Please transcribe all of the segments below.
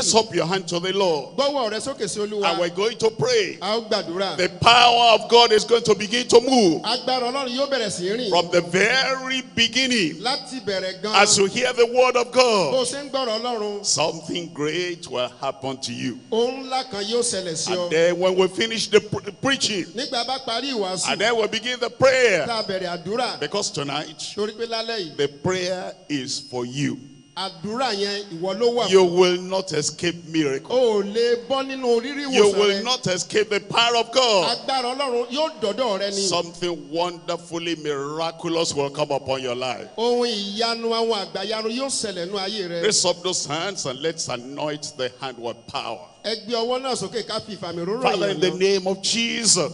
Raise up your hand to the Lord. And we're going to pray. The power of God is going to begin to move. From the very beginning, as you hear the word of God, something great will happen to you. And then when we finish the preaching, and then we begin the prayer. Because tonight, the prayer is for you. You will not escape miracle. You will not escape the power of God. Something wonderfully miraculous will come upon your life. Raise up those hands and let's anoint the hand with power. Father, in the name of Jesus,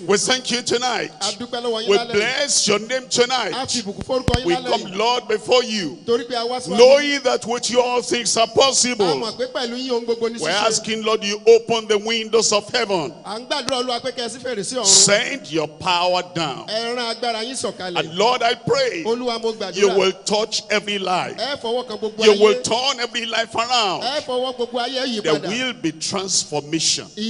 we thank you tonight. We bless your name tonight. We come, Lord, before you, knowing that with you all things are possible. We're asking, Lord, you open the windows of heaven. Send your power down. And Lord, I pray you will touch every life. You will turn every life around. There will be transformation. There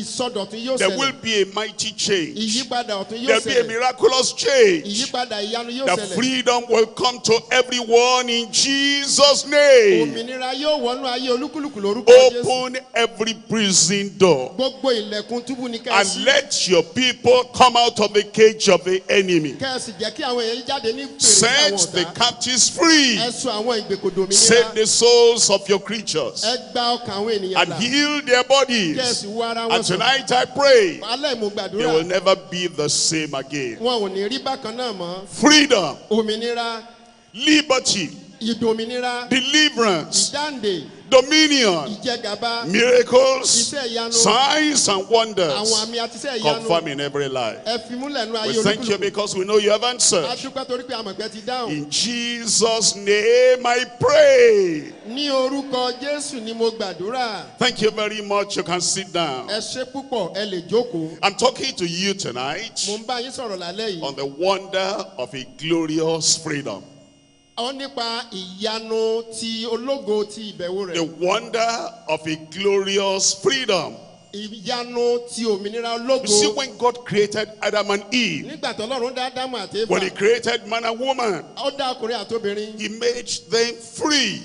will be a mighty change. There will be a miraculous change. The freedom will come to everyone in Jesus' name. Open every prison door. And let your people come out of the cage of the enemy. Set the captives free. Save the souls of your creatures. And heal their bodies. And tonight I pray they will never be the same again. Freedom, liberty, deliverance dominion, miracles, signs and wonders in every life. We thank you because we know you have answered. In Jesus' name I pray. Thank you very much. You can sit down. I'm talking to you tonight on the wonder of a glorious freedom. The wonder of a glorious freedom. You see, when God created Adam and Eve, when He created man and woman, He made them free.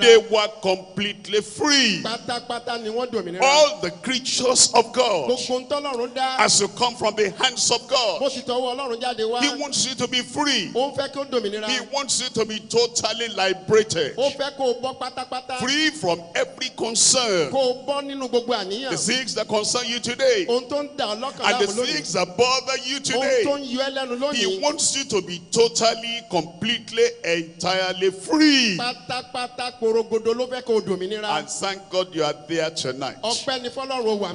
They were completely free. All the creatures of God, as you come from the hands of God, He wants you to be free. He wants you to be totally liberated, free from every concern. The things that concern you today. And the things that bother you today. He wants you to be totally, completely, entirely free. And thank God you are there tonight. I'm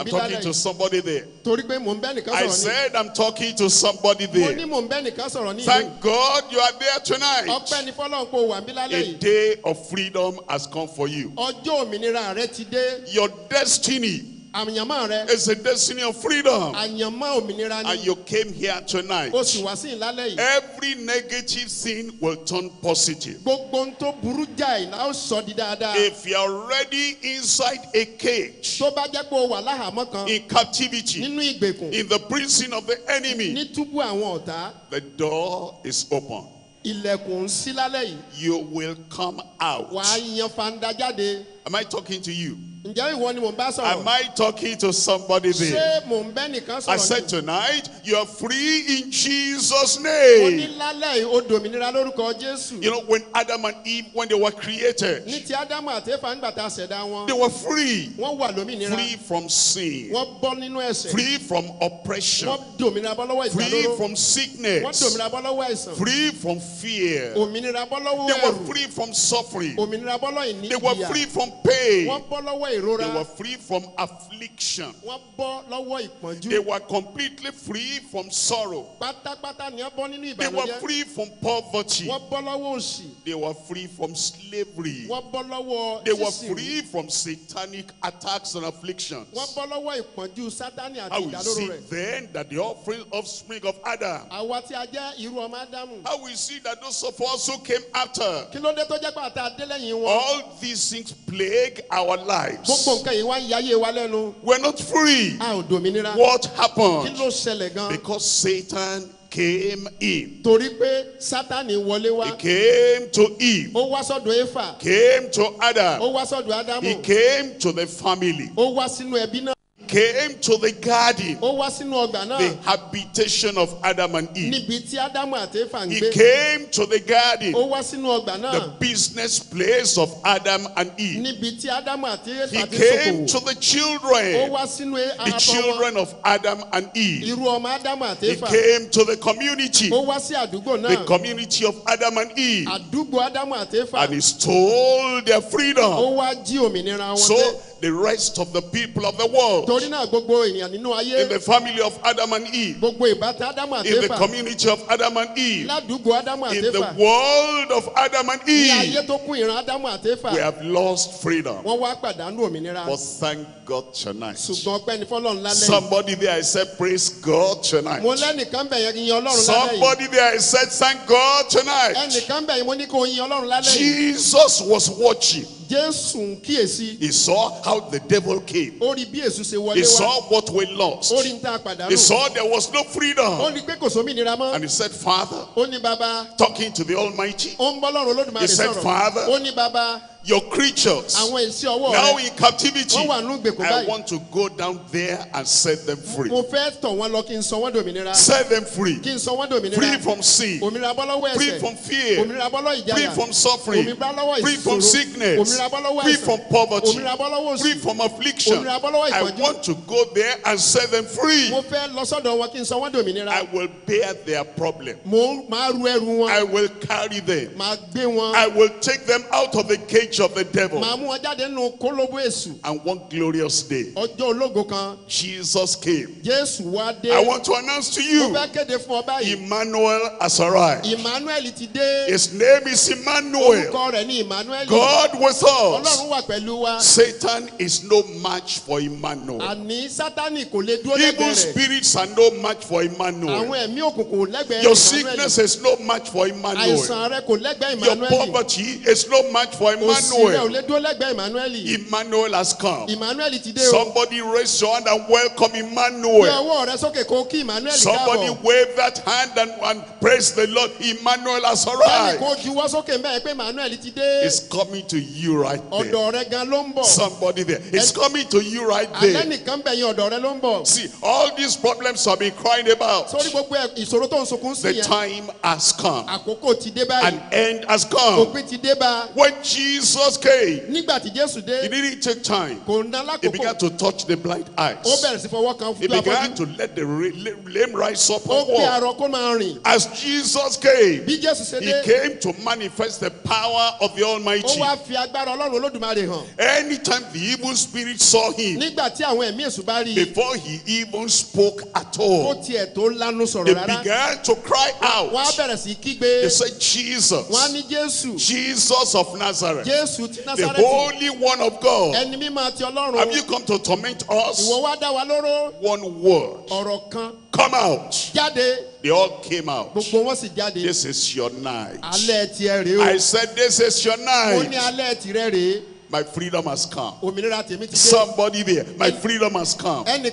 talking to somebody there. I said I'm talking to somebody there. Thank God you are there tonight. A day of freedom has come for you. Your destiny it's a destiny of freedom. And you came here tonight. Every negative sin will turn positive. If you're ready inside a cage, in captivity, in the prison of the enemy, the door is open. You will come out. Am I talking to you? Am I talking to somebody there? I said tonight, you are free in Jesus' name. You know, when Adam and Eve, when they were created, they were free. Free from sin. Free from oppression. Free from sickness. Free from fear. They were free from suffering. They were free from pain ìrora. They were free from affliction. Wọ́n bọ́ lọ́wọ́ ìpọ́njú. They were completely free from sorrow. Pátápátá ni wọ́n bọ́ nínú ìbànújẹ́. They were free from poverty. Wọ́n bọ́ lọ́wọ́ òṣì. They were free from slavery. Wọ́n bọ́ lọ́wọ́ sísìn. They were free from satanic attacks and afflictions. Wọ́n bọ́ lọ́wọ́ ìpọ́njú sátani àti rẹ̀. I will see then that the offering offspring of Adam. Àwa tí a jẹ́ irú ọmọ Ádámù. I will see that those of us who came after. Kí ló dé tó jẹ́ wọn? All these things plague our life lives. We're not free. What happened? Because Satan came in. he came to Eve. came to Adam. he came to the family came to the garden, the habitation of Adam and Eve. He came to the garden, the business place of Adam and Eve. He came to the children, the children of Adam and Eve. He came to the community, the community of Adam and Eve. And he stole their freedom. So the rest of the people of the world. In the family of Adam and Eve. In the community of Adam and Eve. In the world of Adam and Eve. We have lost freedom. But thank God tonight. Somebody there I said praise God tonight. Somebody there I said thank God tonight. Jesus was watching. Jésù He saw how the devil came. He saw what we lost. He saw there was no freedom. And he said father. bàbá. Talking to the almighty. He said father your creatures now in captivity. I want to go down there and set them free. Set them free. Free from sin. Free from fear. Free from suffering. Free from sickness. Free from poverty. Free from affliction. I want to go there and set them free. I will bear their problem. I will carry them. I will take them out of the cage cage of the devil. And one glorious day, Jesus came. I want to announce to you Emmanuel has arrived. His name is Emmanuel. God was us. Satan is no match for Emmanuel. Evil spirits are no match for Emmanuel. Your sickness is no match for Emmanuel. Your poverty is no match for Emmanuel. Emmanuel. Emmanuel has come. Somebody raise your hand and welcome Emmanuel. Somebody wave that hand and, and praise the Lord. Emmanuel has arrived. It's coming to you right there. Somebody there. It's coming to you right there. See, all these problems have been crying about. The time has come. An end has come. When Jesus Jesus came, he didn't take time. He began to touch the blind eyes. He began to let the lame rise up and walk. As Jesus came, he came to manifest the power of the Almighty. Anytime the evil spirit saw him, before he even spoke at all, they began to cry out. They said, Jesus, Jesus of Nazareth. The Holy One of God. Have you come to torment us? One word. Come out. They all came out. This is your night. I said, This is your night my freedom has come. Somebody there, my freedom has come. One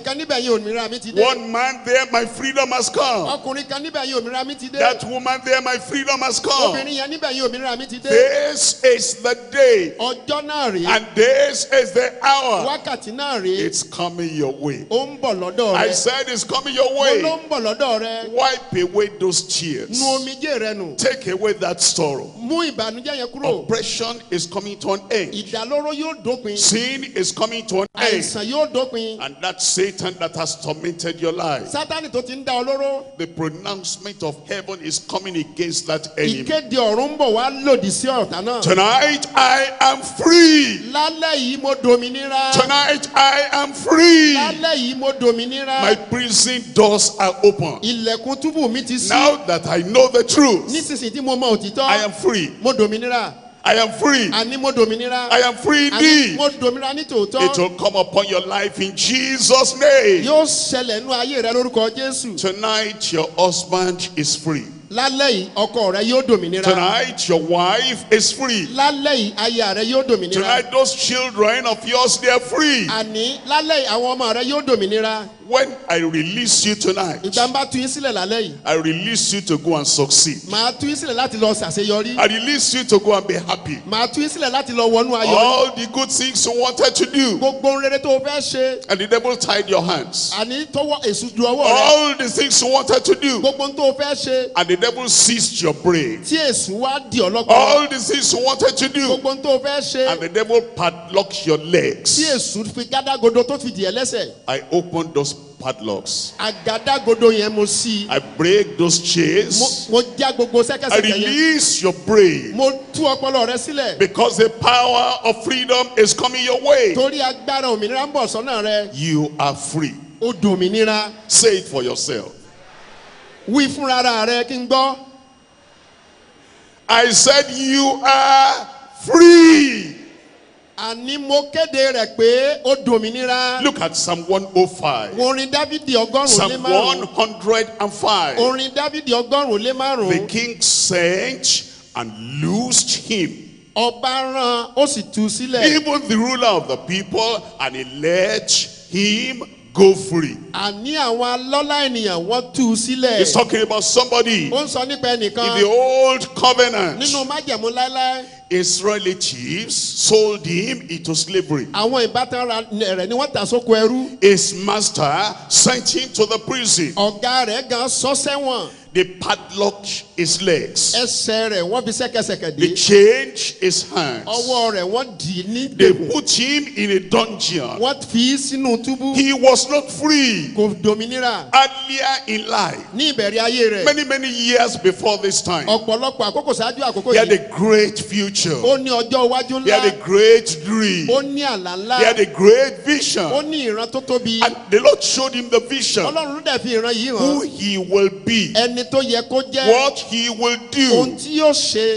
man there, my freedom has come. That woman there, my freedom has come. This is the day. And this is the hour. It's coming your way. I said it's coming your way. Wipe away those tears. Take away that sorrow. Oppression is coming to an end sin is coming to an end. and that satan that has tormented your life. the pronouncement of heaven is coming against that enemy. tonight I am free. tonight I am free. my prison doors are open. now that I know the truth. I am free. I am free. I am free indeed. It will come upon your life in Jesus' name. Tonight, your husband is free. tonight your wife is free. tonight those children of yours they are free. When I release you tonight, I release you to go and succeed. I release you to go and be happy. All the good things you wanted to do, and the devil tied your hands. All the things you wanted to do, and the devil seized your brain. All the things you wanted to do, and the devil padlocked your legs. I opened those padlocks. àgádágodo yẹn mo sí. I break those chains. mo já gbogbo sẹ́kẹ̀sẹ̀kẹ̀ yẹn. I release your brain. mo tú ọpọlọ rẹ sílẹ̀. because the power of freedom is coming your way. torí agbára òmìnira ń bọ̀ sọ́nà rẹ. you are free. o dòmìnira. say it for yourself. wí fúnra rẹ kí n gbọ́. I said you are free. look at psalm one oh five. psalm one hundred and five. the king sent and loosed him. even the ruler of the people and he let him go free. He's talking about somebody. In the old covenant. Nínú májẹ̀mú Israeli chiefs sold him into slavery. His master sent him to the prison. They padlocked his legs. They changed his hands. They put him in a dungeon. He was not free. Earlier in life, many, many years before this time, he had a great future. He had a great dream. He had a great vision. And the Lord showed him the vision who he will be what he will do.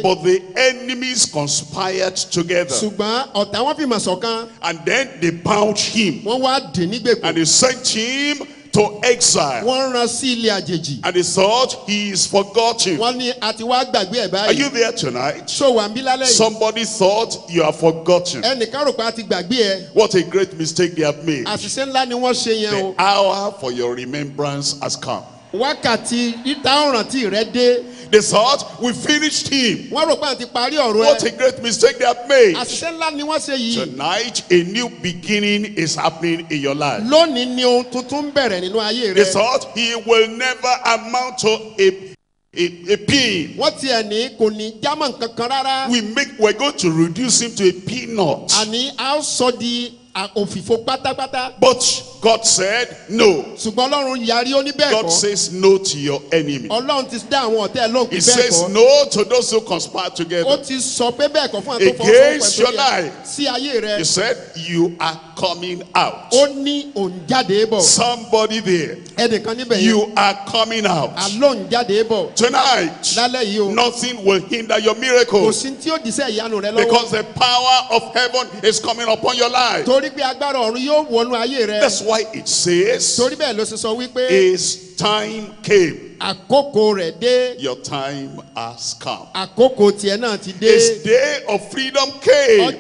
But the enemies conspired together. And then they bound him. And they sent him to exile. And they thought he is forgotten. Are you there tonight? Somebody thought you are forgotten. What a great mistake they have made. The hour for your remembrance has come wákàtí ìdáhùnrántí rẹ dé. they thought we finished him. wọ́n rò pé àti parí ọ̀rọ̀ ẹ. what a great mistake they have made. àṣìṣe ńlá ni wọ́n ṣe yìí. tonight a new beginning is happening in your life. lónìí ni ohun tuntun bẹ̀rẹ̀ nínú ayé rẹ. they thought he will never amount to a a, a pin. wọ́n ti ẹ̀ ní kò ní jámọ̀ kankan rárá. we make we are going to reduce him to a peanut. àní a sọ di òfìfo pátápátá. but God said no. ṣùgbọ́n Ọlọ́run yarí ó ní bẹ́ẹ̀ kọ́. God says no to your enemy. Ọlọ́run ti dá àwọn ọ̀tẹ́ lóhùn bẹ́ẹ̀ kọ́. He says no to those who conspire together. Ó ti sọ pé bẹ́ẹ̀ kọ́ fún àtọ́fọ́ ọ̀pọ̀ ìtòyẹ. Against your life. Sí ayé rẹ. He said you are coming out. Ó ní òǹjáde bọ̀. Somebody there. Ẹnìkan níbẹ̀ yẹn. You are coming out. Àlọ́ òǹjáde bọ̀. Tonight. Lálẹ́ yìí o. Nothing will hinder your miracle. Kò sí tí ó dìísẹ́ ìyanu rẹ lọ́wọ́. Because the power of heaven is coming upon your life. Torí that's why it says. Torí bẹ́ẹ̀ ló ṣe sọ wípé. His time came. Àkókò rẹ̀ dé. Your time has come. Àkókò tiẹ̀ náà ti dé. day of freedom came.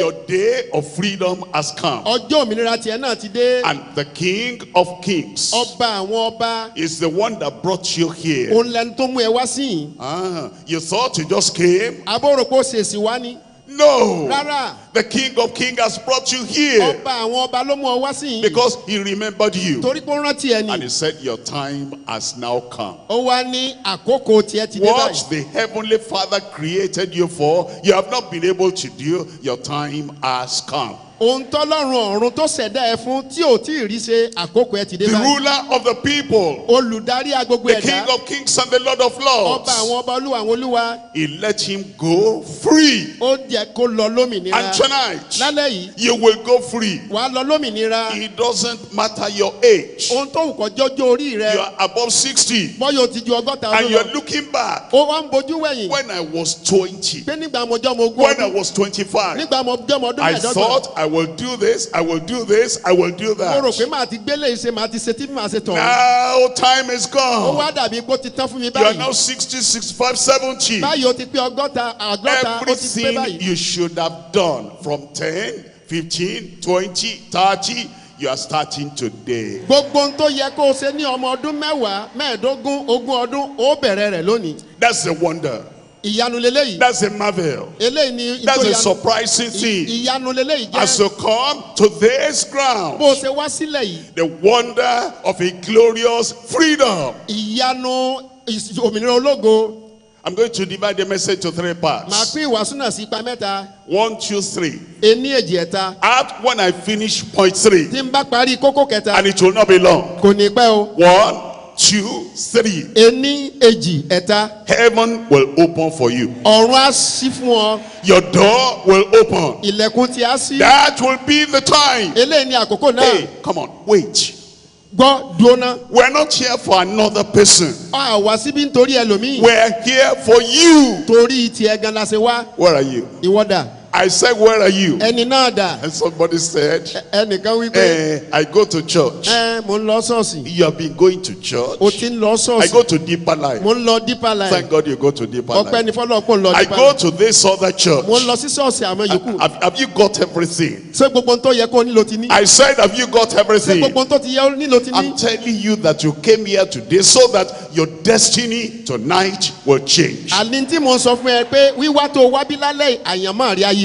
Your day of freedom has come. Ọjọ́ òmìnira tiẹ̀ náà ti And the king of kings. Ọba and ọba. Is the one that brought you here. Òun ah, You thought you just came. Abóròpó ṣèṣì wá siwani." No. Rárá. The king of kings has brought you here. Because he remembered you. And he said your time has now come. Watch the heavenly father created you for, you have not been able to do, your time has come. òun tọ́lọ́run ọ̀run tó ṣẹ̀dá ẹ fún tí ò tí ì rí ṣe àkókò ẹ ti dé báyìí. the ruler of the people. olùdarí agbogbo ẹ̀dá. the king of kings and the lord of lords. ọba àwọn ọba olúwa àwọn olúwa. he let him go free. ó jẹ́ kó lọ lómìnira. and tonight. lálẹ́ yìí. you will go free. wàá lọ lómìnira. it doesn't matter your age. ohun tó wù kọ́ jọjọ orí rẹ. you are above sixty. bọ́yọ̀ ti ju ọgọ́ta ọdún lọ. and you are looking back. ó wá ń bojú wẹ̀yìn. when I was twenty. pé nígbà mọ́jọ́ mo gbọ́. when I was twenty-five. nígbà mọ́jọ́ mo dún mẹ́ẹ̀dọ́gbọ̀n. I thought I will do this, I will do this, I will do that. Now time is gone. You are now sixty, sixty-five, seventy. Everything you should have done from ten, fifteen, twenty, thirty you are starting today. that's the wonder. Ìyanu leléyìí. That's a marvel. Eléyìí ni ìtòyanu. That's a surprising thing. Ìyanu leléyìí jẹ́. As you come to this ground. Bó o ṣe wá sílẹ̀ yìí. The wonder of a glorious freedom. Ìyanu òmìnira ológo. I'm going to divide the message to three parts. Màá pín ìwàásù náà sí ipa mẹ́ta. One, two, three. Ení èjì ẹ̀ta. Act when I finish point three. Tí n bá parí kókó kẹta. And it will not be long. Kò ní pẹ́ o. One. two, three. Ení, èjì, ẹ̀ta. Heaven will open for you. Ọ̀run á sí fún ọ. Your door will open. Ilẹ̀kùn ti á sí. That will be the time. Eléyìí ni àkókò náà. Hey, come on, wait. Gbọ́ dúóná. We are not here for another person. A wá síbí nítorí ẹlòmíì. We are here for you. Torí tiẹ̀ gan la ṣe wá. Where are you? Ìwọ́dà. I said, Where are you? And somebody said, eh, I go to church. Eh, you have been going to church. I go to deeper life. Thank God you go to deeper life. I go to this other church. Have, have you got everything? I said, Have you got everything? I'm telling you that you came here today so that your destiny tonight will change.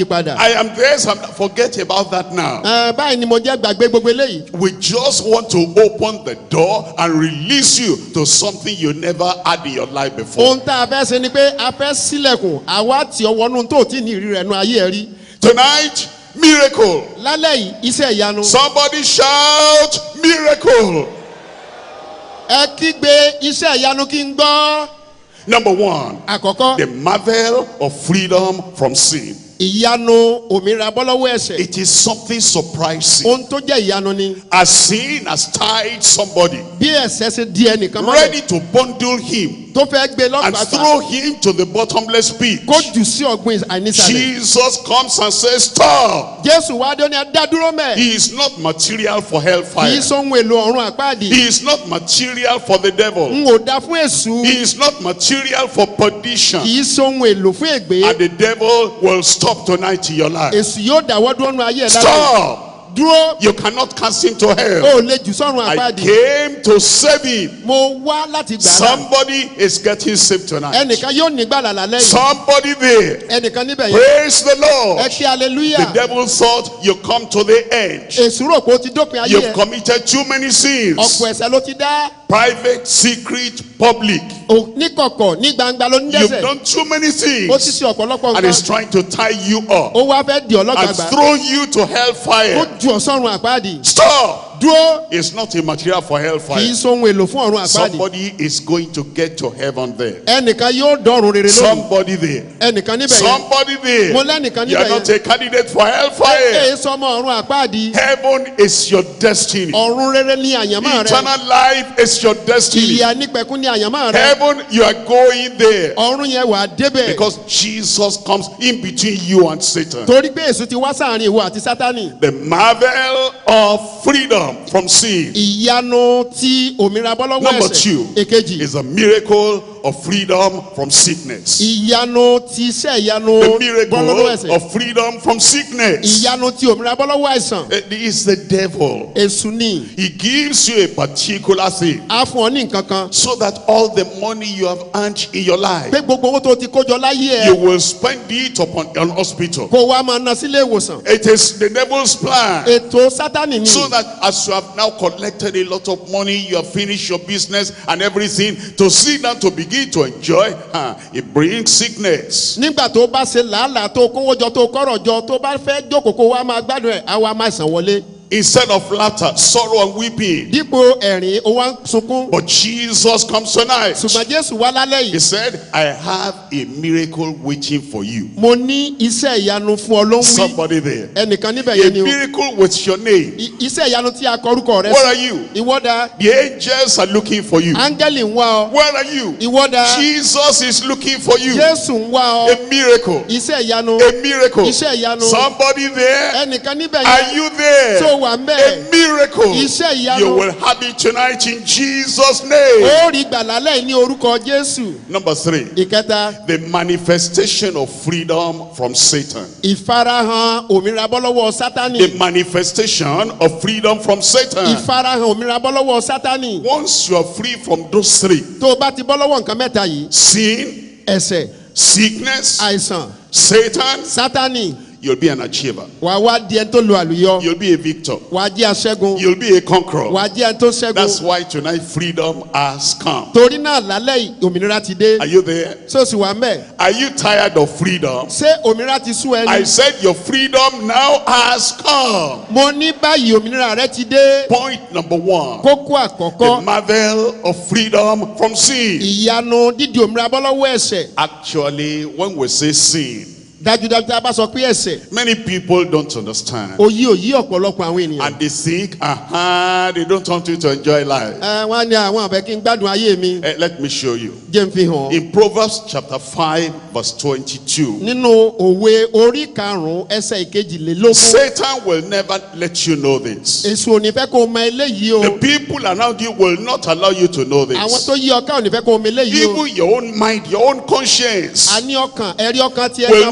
I am there. and forget about that now. Báyìí ni mo jẹ́ gbàgbé gbogbo eléyìí. We just want to open the door and release you to something you never had in your life before. Ohun tá a fẹ́ ṣe ni pé a fẹ́ sílẹ̀kùn àwa tí ọwọ́ nù tó tí ní ìrírí rẹ̀ nu ayé iriri rí. Tonight miracle. Lálẹ́ yìí iṣẹ́ ìyanu. Somebody shout miracle. Ẹ iṣẹ́ ìyanu kí n gbọ́. Number one, Àkọ́kọ́. the marvel of freedom from sin. Ìyanu òmìnira bọ́ ẹ̀ṣẹ̀. It is something surprising. Ohun tó jẹ́ ìyanu ni. As sin has tied somebody. Bí ẹ̀ṣẹ̀ ṣe di ẹnìkan mọ́lẹ̀. Ready to bundle him. Tó fẹ́ gbé lọ́gbàtà. And throw him to the bottomless pit. Kó jù sí ọ̀gbìn àìnísàlẹ̀. Jesus comes and says stop. Jésù wá dé ó ní adádúró mẹ́. He is not material for hellfire. Kì í sọ èlò ọ̀run àpáàdì. He is not material for the devil. N ò dá fún èṣù. He is not material for perdition. Kì í sọ èlò fún ègbé. And the devil will stop stop tonight in your life. Stop. You cannot cast him to hell. Oh, I came to save him. Somebody is getting saved tonight. Somebody there. Praise the Lord. The devil thought you come to the edge. You've committed too many sins. private secret public. oníkọ̀kọ̀ ní gbangba ló ń dẹ́sẹ̀. you have done too many things. ó ti ṣe ọ̀pọ̀lọpọ̀ nǹkan. and he is trying to tie you up. ó wá fẹ́ di ọlọ́gbàgbà. and throw you to hell fire. ó ju ọ̀sọ́run àpáàdì. stop. Àdúrà is not a material for hellfire. Somebody is going to get to heaven there. Ẹnìkan yóò Somebody there. Somebody there. You are not a candidate for hellfire. Heaven is your destiny. Eternal life is your destiny. Heaven you are going there. Because Jesus comes in between you and Satan. The marvel of freedom from sin. Number two is a miracle of freedom from sickness. Ìyanu The miracle of freedom from sickness. It eh, is the devil. He gives you a particular thing. So that all the money you have earned in your life. You will spend it upon an hospital. It is the devil's plan. So that as you have now collected a lot of money, you have finished your business and everything, to sit down to begin need to enjoy uh, it brings sickness. nígbà tó bá ṣe làálàá tó kówó jọ tó kọ́rọ̀ jọ tó bá fẹ́ jókòó kó wá máa gbádùn ẹ̀ á wá Instead of laughter, sorrow and weeping. But Jesus comes tonight. He said, I have a miracle waiting for you. Somebody there. A miracle with your name. Where are you? The angels are looking for you. Where are you? Jesus is looking for you. jesu miracle A miracle. Somebody there. Are you there? a miracle you will have it tonight in Jesus name. Number three, the manifestation of freedom from Satan. The manifestation of freedom from Satan. Once you are free from those three, sin, sickness, Satan, Satan You'll be an achiever. You'll be a victor. You'll be a conqueror. That's why tonight freedom has come. Are you there? Are you tired of freedom? I said your freedom now has come. Point number one. The marvel of freedom from sin. Actually, when we say sin, Many people don't understand. Òyì òyì ọ̀pọ̀lọpọ̀ àwọn And they seek, aha they don't want you to enjoy life. Ẹ eh, Let me show you. In Proverbs chapter five verse 22 Satan will never let you know this. The people around you will not allow you to know this. Even your own mind your own conscience. will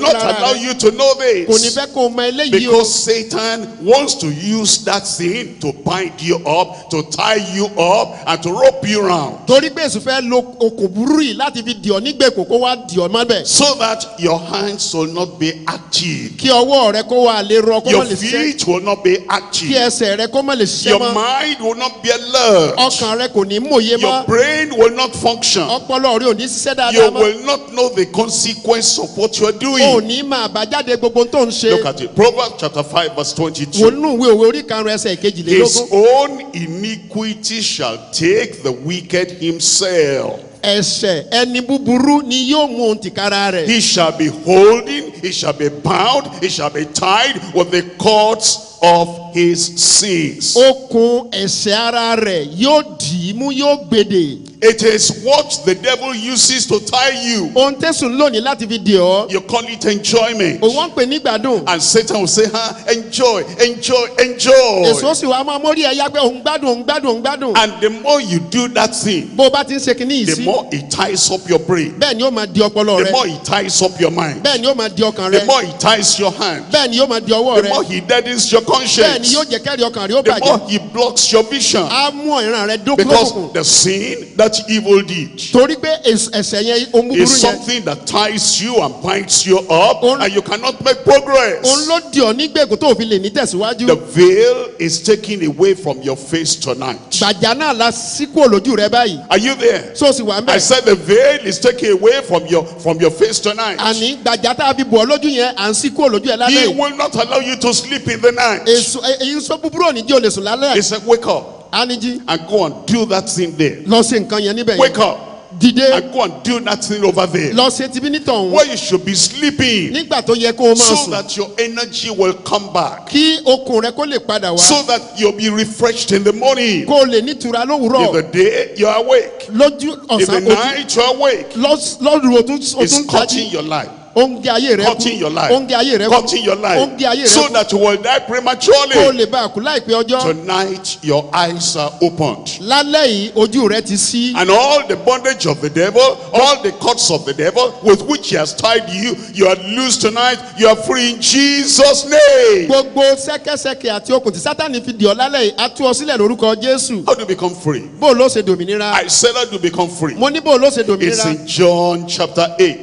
not not allow you to know this. Because Satan wants to use that sin to bind you up, to tie you up, and to rope you around. So that your hands will not be active. Your feet will not be active. Your mind will not be alert. Your brain will not function. You will not know the consequence of what you are doing look at it proverbs chapter five verse twenty-two. his own iniquity shall take the wicked himself he shall be holding he shall be bound he shall be tied with the cords of his sins. It is what the devil uses to tie you. You call it enjoyment. And Satan will say, ha, enjoy, enjoy, enjoy. And the more you do that thing. The more it ties up your brain. The more it ties up your mind. The more it ties your hand. The more he deadens your conscience. The more he blocks your vision. Because the sin that evil deed is something that ties you and binds you up and you cannot make progress. The veil is taken away from your face tonight. Are you there? I said the veil is taken away from your from your face tonight. He will not allow you to sleep in the night. He said wake up. Aniji. And go and do that thing there. Wake up. And go and do that thing over there. Where you should be sleeping. So that your energy will come back. So that you'll be refreshed in the morning. Kó In the day you're awake. Lójú In the night you're awake. Lọ́sùn o tún It's cutting your life cutting your life cutting your life so that you will die prematurely tonight your eyes are opened and all the bondage of the devil all the cords of the devil with which he has tied you you are loose tonight you are free in Jesus name how do you become free I said how do you become free it's in John chapter 8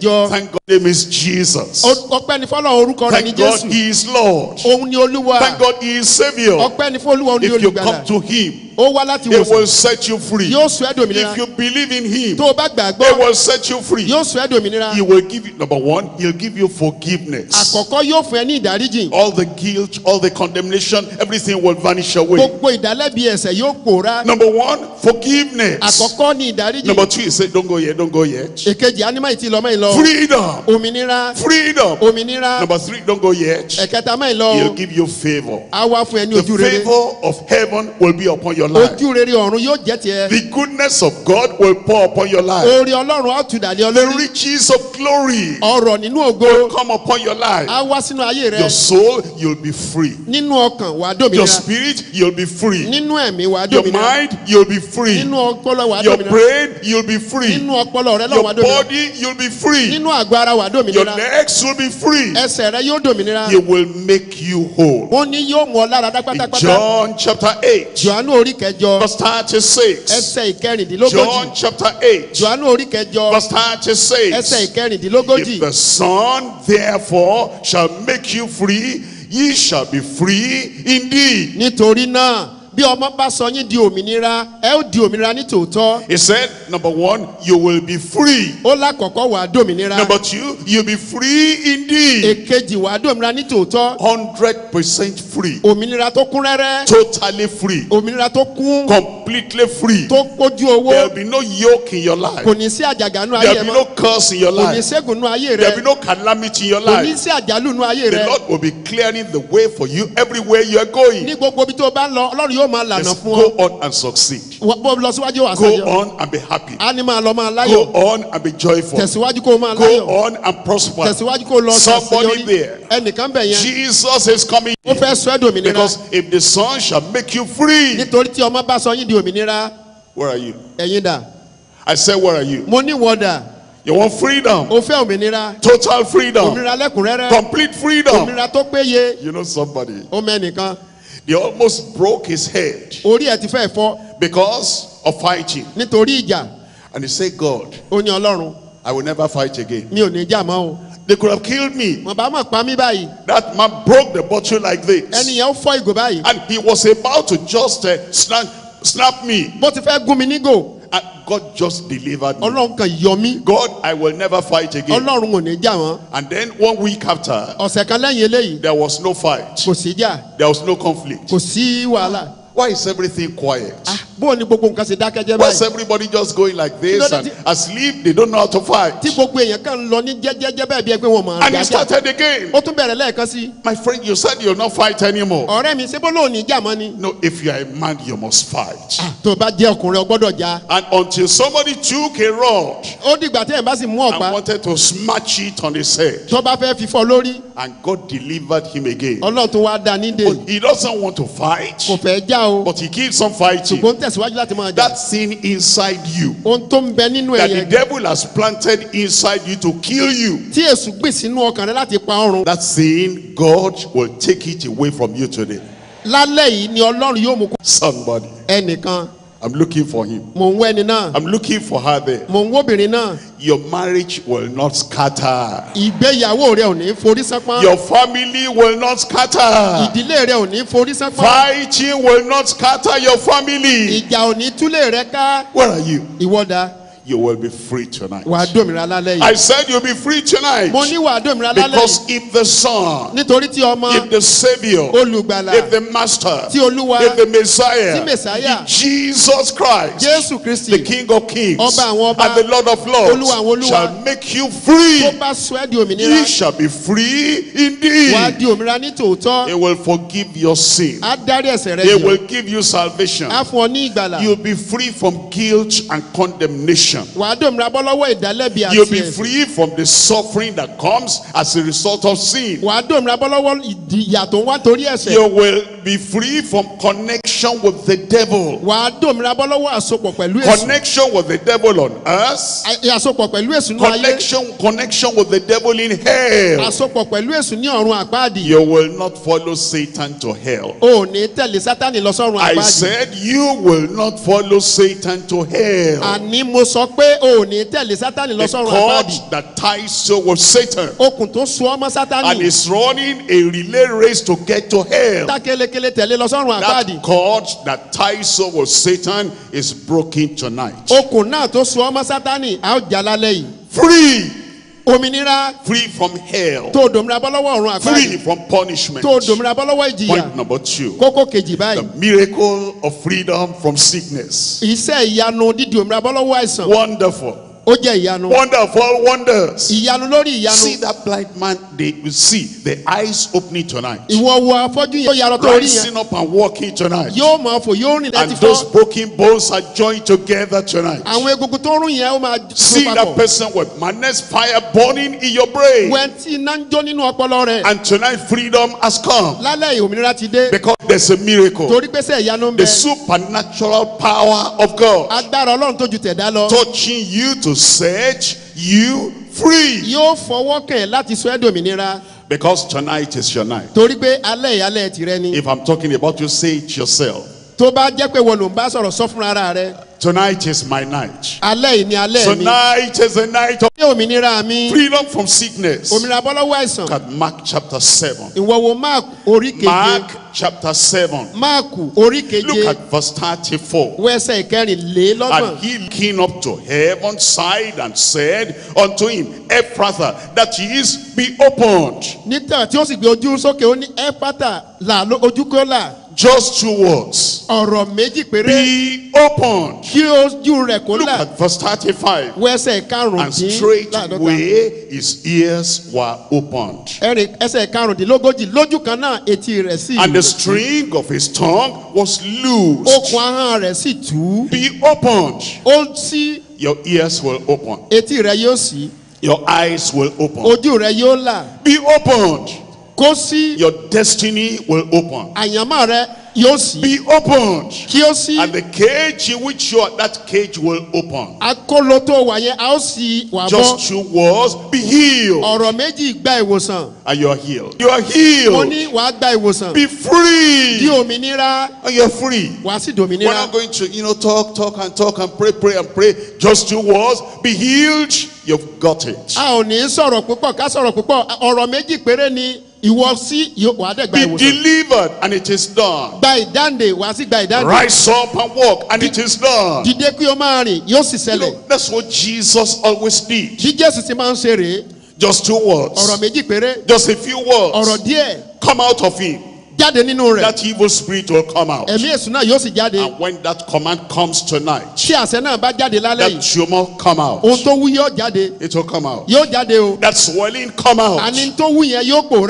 kẹjọ. thank God name is Jesus. ọpẹ́ ni fọlọ́ orúkọ rẹ̀ ni Jésù. thank God he is Lord. òun ni Olúwa. thank God he is saviour. ọpẹ́ ni òun ni Olùgbàlà. if you come to him. ó wá láti wòsàn. he will set you free. yóò sọ if you believe in him. tó o bá gbàgbọ́. he will set you free. yóò sọ he will give you number one he will give you forgiveness. àkọ́kọ́ yóò fún ẹ ní ìdáríjì. all the guilt all the condemnation everything will vanish away. gbogbo ìdálẹ́bi ẹ̀ṣẹ̀ yóò pòórá. number one forgiveness. àkọ́kọ́ ni ìdáríjì. number two he say don't go yet don't go yet. èkejì lọ. freedom. òmìnira. freedom. òmìnira. number three don't go yet. ẹ̀kẹta mẹ́rin lọ. he will give you favour. a wá fún ẹ ní ojú rere. the favour of heaven will be upon your life. ojú rere ọ̀run yóò jẹ́ tiẹ̀. the goodness of God will pour upon your life. oore ọlọ́run á tù dàlẹ́ ọlọ́run. the riches of glory. ọ̀rọ̀ nínú ògo. will come upon your life. a wá sínú ayé rẹ. your soul you will be free. nínú ọkàn wàá dòmìnira. your spirit you will be free. nínú ẹ̀mí wàá dòmìnira. your mind you will be free. nínú ọpọlọ wàá dòmìnira. your brain you will be free. nínú ọpọlọ rẹ lọ wàá dòmìnira. your body you will be free free. Your legs will be free. Ẹsẹ̀ He will make you whole. Ó John chapter eight. Verse thirty-six. John chapter eight. Verse thirty-six. If the son therefore shall make you free, ye shall be free indeed. Nítorí náà bí ọmọ bá sọ yín di òmìnira ẹ ó di òmìnira ní tòótọ́. he said number one you will be free. ó lákọ̀ọ́kọ́ wà á dòmìnira. number two you will be free indeed. èkejì wà á dòmìnira ní tòótọ́. hundred percent free. òmìnira tó kún rẹ́rẹ́. totally free. òmìnira tó kún. completely free. tó kójú owó. there will be no yoke in your life. kò sí àjàgà nù ayé there will be no curse in your life. kò ṣẹ́gun nù ayé rẹ. there will be no calamity in your life. kò sí àjálù nù ayé rẹ. the lord will be clearing the way for you everywhere you are going. ní gbogbo ibi tó bá lọ ọlọ́run yóò go on and succeed. Go on and be happy. Go on and be joyful. Go on and prosper. Somebody there. Jesus is coming. Because if the Son shall make you free. Where are you? I said, Where are you? Money You want freedom. Total freedom. Complete freedom. You know somebody. He almost broke his head. Because of fighting. And he said God. I will never fight again. They could have killed me. That man broke the bottle like this. And he was about to just uh, snap, snap me. But if I go, God just delivered me. God, I will never fight again. And then one week after, there was no fight. There was no conflict. Why is everything quiet? Ah, Why is everybody just going like this and asleep? They don't know how to fight. And he started again. My friend, you said you'll not fight anymore. No, if you are a man, you must fight. Ah, and until somebody took a rod and wanted to smash it on his head, and God delivered him again. But he doesn't want to fight. o. but he keeps on fighting. ṣùgbọ́n tẹ̀síwájú láti máa jà. that sin inside you. ohun tó ń bẹ nínú ẹ̀yẹ. that the devil has planted inside you to kill you. tí èsù gbìn sínú ọkàn rẹ láti pa ọrùn. that sin God will take it away from you today. lálẹ́ yìí ni ọlọ́run yóò mú kó. somebody. ẹnìkan. I'm looking for him. Mo ń wẹ́ ni náà. I'm looking for her there. Mo ń wóbìnrin náà. Your marriage will not scatter. Ìgbéyàwó rẹ ò ní forí sápá. Your family will not scatter. Ìdílé rẹ ò ní forí sápá. Fighting will not scatter your family. Ìjà ò ní túlé rẹ ká. Where are you? Ìwọ́dà. you will be free tonight. I said you'll be free tonight. Because if the Son, if the Savior, if the Master, if the Messiah, if Jesus Christ, the King of Kings, and the Lord of Lords, shall make you free, you shall be free indeed. He will forgive your sin, He will give you salvation. You'll be free from guilt and condemnation. You'll be free from the suffering that comes as a result of sin. You will be free from connection with the devil. Connection with the devil on earth. Connection, connection with the devil in hell. You will not follow Satan to hell. I said you will not follow Satan to hell pé o ní tẹ̀lé sátani lọ sọ́run the cord that ties you with Satan. okùn tó so ọmọ sátani. and is running a relay race to get to hell. takelekele tẹ̀lé lọ sọ́run that cord that ties you with Satan is broken tonight. okùn náà tó so ọmọ sátani lálẹ́ yìí. free òmìnira free from hell. free from punishment. point number two. kókó the miracle of freedom from sickness. wonderful ó jẹ́ ìyanu. wonderful wonders. ìyanu lórí ìyanu. see that blind man they you see the eyes opening tonight. ìwọ wo afọ́jú yẹn. yàrá tó rí yẹn. rising up and walking tonight. yóò máa fò yóò rìn láti fọ́. and those broken bones are joined together tonight. àwọn egungun tó rún yẹn ó máa. see that person with madness fire burning in your brain. wẹ́n tí iná ń jó nínú ọpọlọ rẹ̀. and tonight freedom has come. lálẹ́ ìhòmìnira ti dé. because there is a miracle. torí pé sẹ́ ìyanu ń bẹ. the supernatural power of God. agbára ọlọ́run tó ju tẹ̀dá lọ. touching you to set you free. Because tonight is your night. If I'm talking about you, say it yourself. tó bá jẹ́ pé wọ́n ló ń bá sọ̀rọ̀ sọ fún ara rẹ. tonight is my night. alẹ́ yìí ni alẹ́ mi. tonight is the night of. ní òmìnira mi. freedom from sickness. òmìnira bọ́ lọ́wọ́ àìsàn. look at mark chapter seven. ìwọ̀wò mark orí keje. mark chapter seven. mark orí keje. look at verse thirty-four. wẹ́sẹ̀ ìkẹrìnlélọ́gbọ̀n. and he looking up to heaven sighed and said unto him ephrathah that he is be opened. nígbà tí ó sì gbé ojú sókè ó ní ephrathah là ojú kó là. Just two words. Ọ̀rọ̀ méjì péré. Be opened. Kí ojú rẹ̀ kó là. Look at verse thirty-five. Wẹ́sẹ̀ karùn-ún And straightway his ears were opened. Ẹ̀rìn ẹsẹ̀ karùndínlógójì lójú kan náà etí rẹ̀ sì. And the string of his tongue was loosed. Okùn ahọ́n rẹ̀ sì tú. Be opened. Ó sí. Your ears will open. Etí rẹ̀ yóò sí. Your eyes will open. Ojú rẹ̀ yóò là. Be opened. Go see your destiny will open. Àyànmọ́ rẹ yóò sí. Be opened. Kí ó sí. And the cage in which you are that cage will open. Akóló tó wà yẹn a sì Just two words be healed. Ọ̀rọ̀ méjì gba ìwòsàn. And you are healed. You are healed. Mo ní wàá gba Be free. Di òmìnira. And you are free. Wàá sì dòmìnira. We're not going to you know, talk talk and talk and pray pray and pray. Just two words be healed. You've got it you will see you gba Be delivered and it is done. Gba ìdáǹdè was it by ìdáǹdè. Rise up and walk and it is done. did kí o máa rìn yóò sì ṣẹlẹ̀. That's what Jesus always did. he just ti máa ń ṣe rèé. Just two words. Just a few words. Come out of him that evil spirit will come out. And when that command comes tonight, that tumor come out. It will come out. That swelling come out.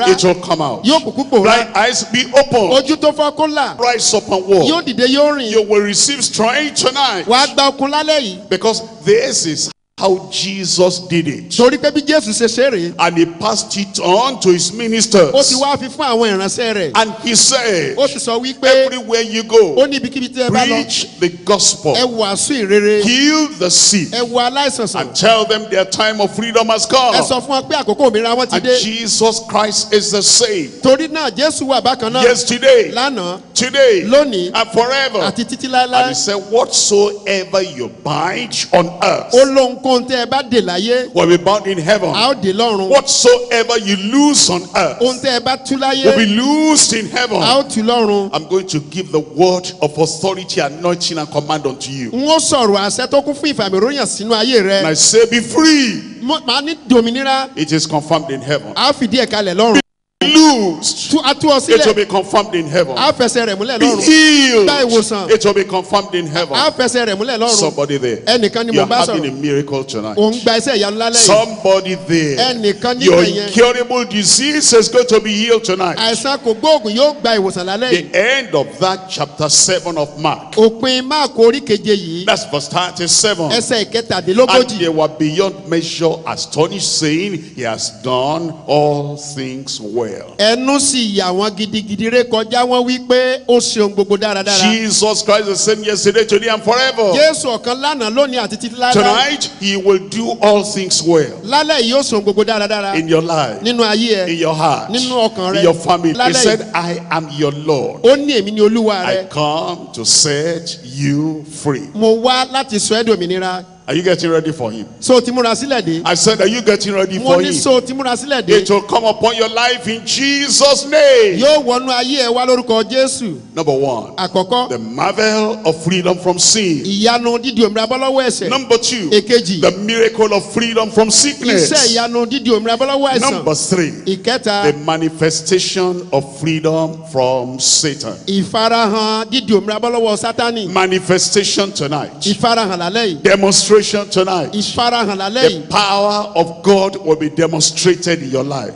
It will come out. Blind eyes be open. Rise up and walk. You will receive strength tonight. Because this is how Jesus did it. So pé bí Jésù ṣe ṣe And he passed it on to his ministers. And he said. Ó sọ wípé. Everywhere you go. Preach the gospel. Heal the sick. And tell them their time of freedom has come. And Jesus Christ is the same. Torí náà Yesterday. Today. Lónìí. And forever. And he said whatsoever you bind on earth ohunkóhun tẹ́ ẹ will be bound in heaven. whatsoever you lose on earth. will be loosed in heaven. lọ́run. I'm going to give the word of authority anointing and command unto you. and I say be free. it is confirmed in heaven loosed, it will be confirmed in heaven. Be healed, it will be confirmed in heaven. Somebody there, you're having a miracle tonight. Somebody there, your incurable disease is going to be healed tonight. The end of that chapter 7 of Mark. That's verse 37. And they were beyond measure astonished, saying, He has done all things well. Jesus Christ is the same yesterday, today, and forever. Tonight, He will do all things well. In your life, in your heart, in your family. He said, I am your Lord. I come to set you free. Are you getting ready for him? So Timura Silede. I said, Are you getting ready for him? So Timura It will come upon your life in Jesus' name. Number one. Akoko. The marvel of freedom from sin. Number two. Ekeji. The miracle of freedom from sickness. Number three. Iketa. The manifestation of freedom from Satan. Manifestation tonight. Ifarahan Demonstration demonstration tonight. The power of God will be demonstrated in your life.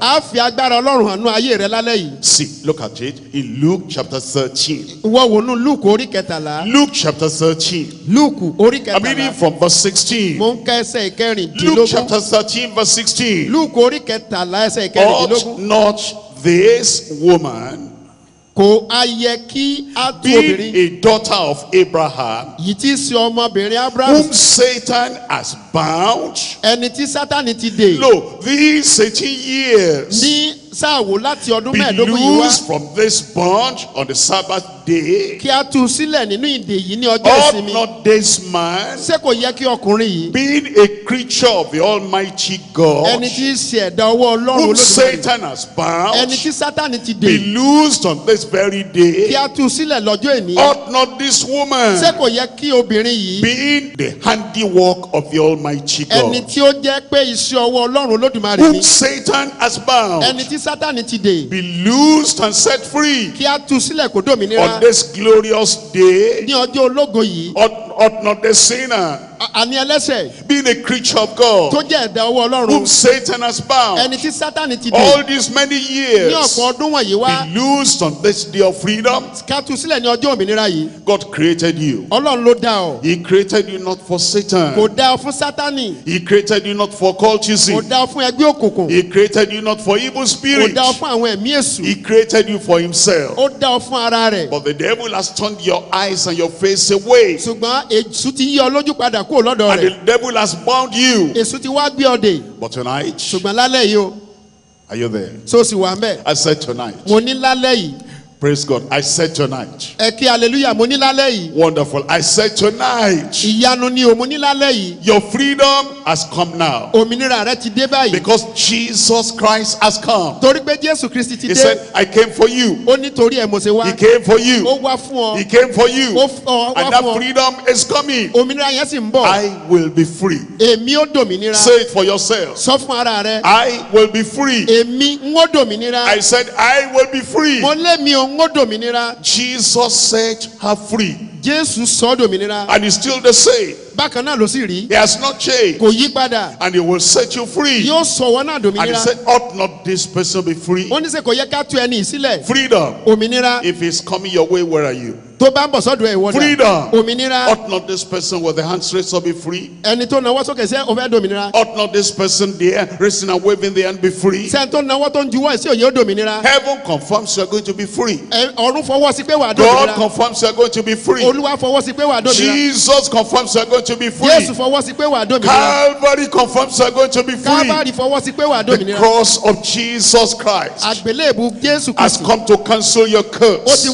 See, look at it in Luke chapter 13. Luke chapter 13. I'm reading from verse 16. Luke chapter 13, verse 16. Ought not this woman kò a yẹ kí a tó obìnrin. be a daughter of Abraham. yìí ti sin ọmọbìnrin Abraham. whom Satan has bound. ẹni tí Sátánì ti dè. lo these 30 years. ní sáà láti ọdún mẹ́ẹ̀ẹ́dógún yìí wá. be loose from this bond on the Sabbath day. kí a tú sílẹ̀ nínú ìdè yìí ní ọjọ́ ìsinmi. ought not this man. ṣé kò yẹ kí ọkùnrin yìí. being a creature of the almighty God. ẹni tí í ṣe ẹ̀dá ọwọ́ Ọlọ́run olódùmarè. whom Satan has bound. ẹni tí Sátánì ti dè. be loosed on this very day. kí a tú sílẹ̀ lọ́jọ́ ìní. ought not this woman. ṣé kò yẹ kí obìnrin yìí. being the handiwork of the almighty God. ẹni tí ó jẹ́ pé iṣẹ́ ọwọ́ Ọlọ́run olódùmarè ni. whom Satan has bound. ẹni tí sátani ti dè. be loosed and set free. kí a tu sílẹ̀ kó dòmìnira. on this glorious day. ní ọjọ́ ológo yìí. on ought not the sinner. Àní ẹlẹ́sẹ̀. Being a creature of God. Whom Satan has bound. Ẹni tí Sátani All these many years. Ní ọ̀pọ̀ ọdún Be loosed on this day of freedom. God created you. He created you not for Satan. He created you not for cultism. He created you not for evil spirits. He created you for himself. But the devil has turned your eyes and your face away. èṣù ti yí ọ lójú padà kúrò lọ́dọ̀ rẹ̀. and the devil has bound you. èṣù ti wá gbé ọ dè. but tonight. ṣùgbọ́n lálẹ́ yìí o. are you there. so sì wà mẹ́. I said tonight. mo ní lálẹ́ yìí. Praise God. I said tonight. hallelujah Wonderful. I said tonight. Your freedom has come now. Because Jesus Christ has come. Torí He said I came for you. Ó ní torí He came for you. Ó He came for you. Ó And that freedom is coming. I will be free. Say it for yourself. I will be free. I said I will be free. Jesus set her free. Jésù sọ ọ́ dòmìnira. And he still the same. Bákan náà ló He has not changed. And he will set you free. Yóò sọ wọn náà dòmìnira. And he said ought not this person be free. Wọ́n ní sẹ́ kò yẹ ká tú Freedom. If he's coming your way where are you? freedom òmìnira. ought not this person with the hands raised to be free. ẹni tó nawọ́ sókè sẹ́ o fẹ́ dominira. ought not this person there raising and waving the hand be free. sẹ́ni tó nawọ́ tó ń juwọ́ sí òye ó heaven confirms you are going to be free. God confirms you are going to be free. Jesus confirms you are going to be free. Calvary confirms you are going to be free. Calvary fọwọ́ sí The cross of Jesus Christ. has come to cancel your curse. has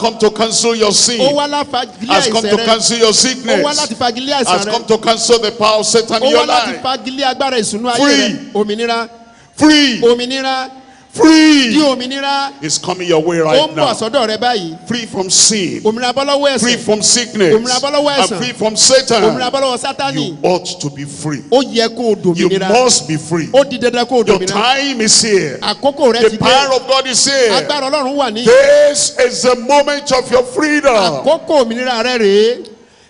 come to to cancel your sin, has come to cancel your sickness, has come to cancel the power of Satan in your life. Free. Free. Free is coming your way right now. Free from sin. Free from sickness. and free from Satan. you ought to be free. ó yẹ kó you must be free. your time is here. the power of God is here. this is the moment of your freedom.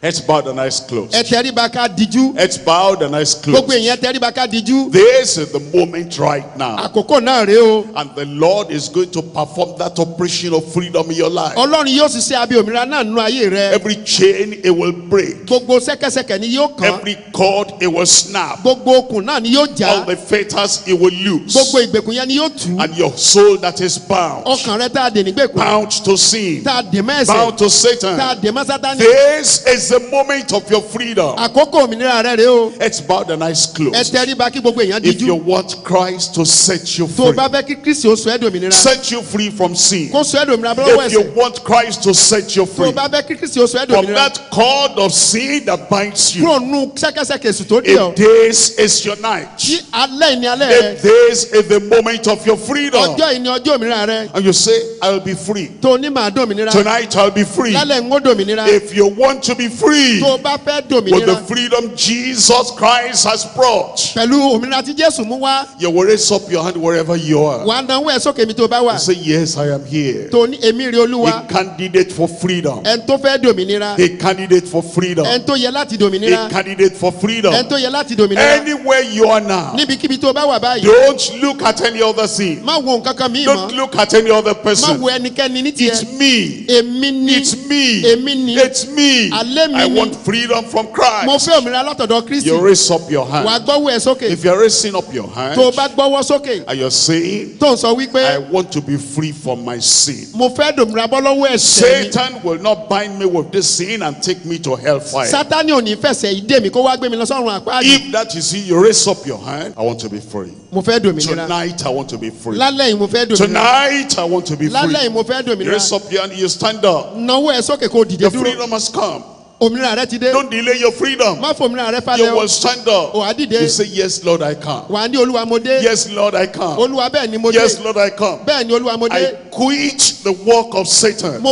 It's bowed and eyes closed. It's bowed and eyes closed. This is the moment right now. And the Lord is going to perform that operation of freedom in your life. Every chain it will break. Every cord it will snap. All the fetters it will loose. And your soul that is bound. Bound to sin. Bound to Satan. This is is a moment of your freedom. It's about the nice clothes. If you want Christ to set you free. Set you free from sin. If you want Christ to set you free. From that cord of sin that binds you. If this is your night. If this is the moment of your freedom. And you say I will be free. Tonight I will be free. If you want to be free free with the freedom Jesus Christ has brought, you will raise up your hand wherever you are. You say, Yes, I am here. A candidate for freedom. A candidate for freedom. A candidate for freedom. Anywhere you are now, don't look at any other thing. Don't look at any other person. It's me. It's me. It's me. It's me. I want freedom from Christ. You raise up your hand. If you are raising up your hand. Tó And you are saying. I want to be free from my sin. Satan will not bind me with this sin and take me to hellfire. If that is it, you raise up your hand. I want to be free. Tonight I want to be free. Tonight I want to be free. You raise up your hand, you stand up. The freedom has come do don't delay your freedom. you will stand up. you say yes lord i come. yes lord i come. yes lord i come. i quit the work of satan.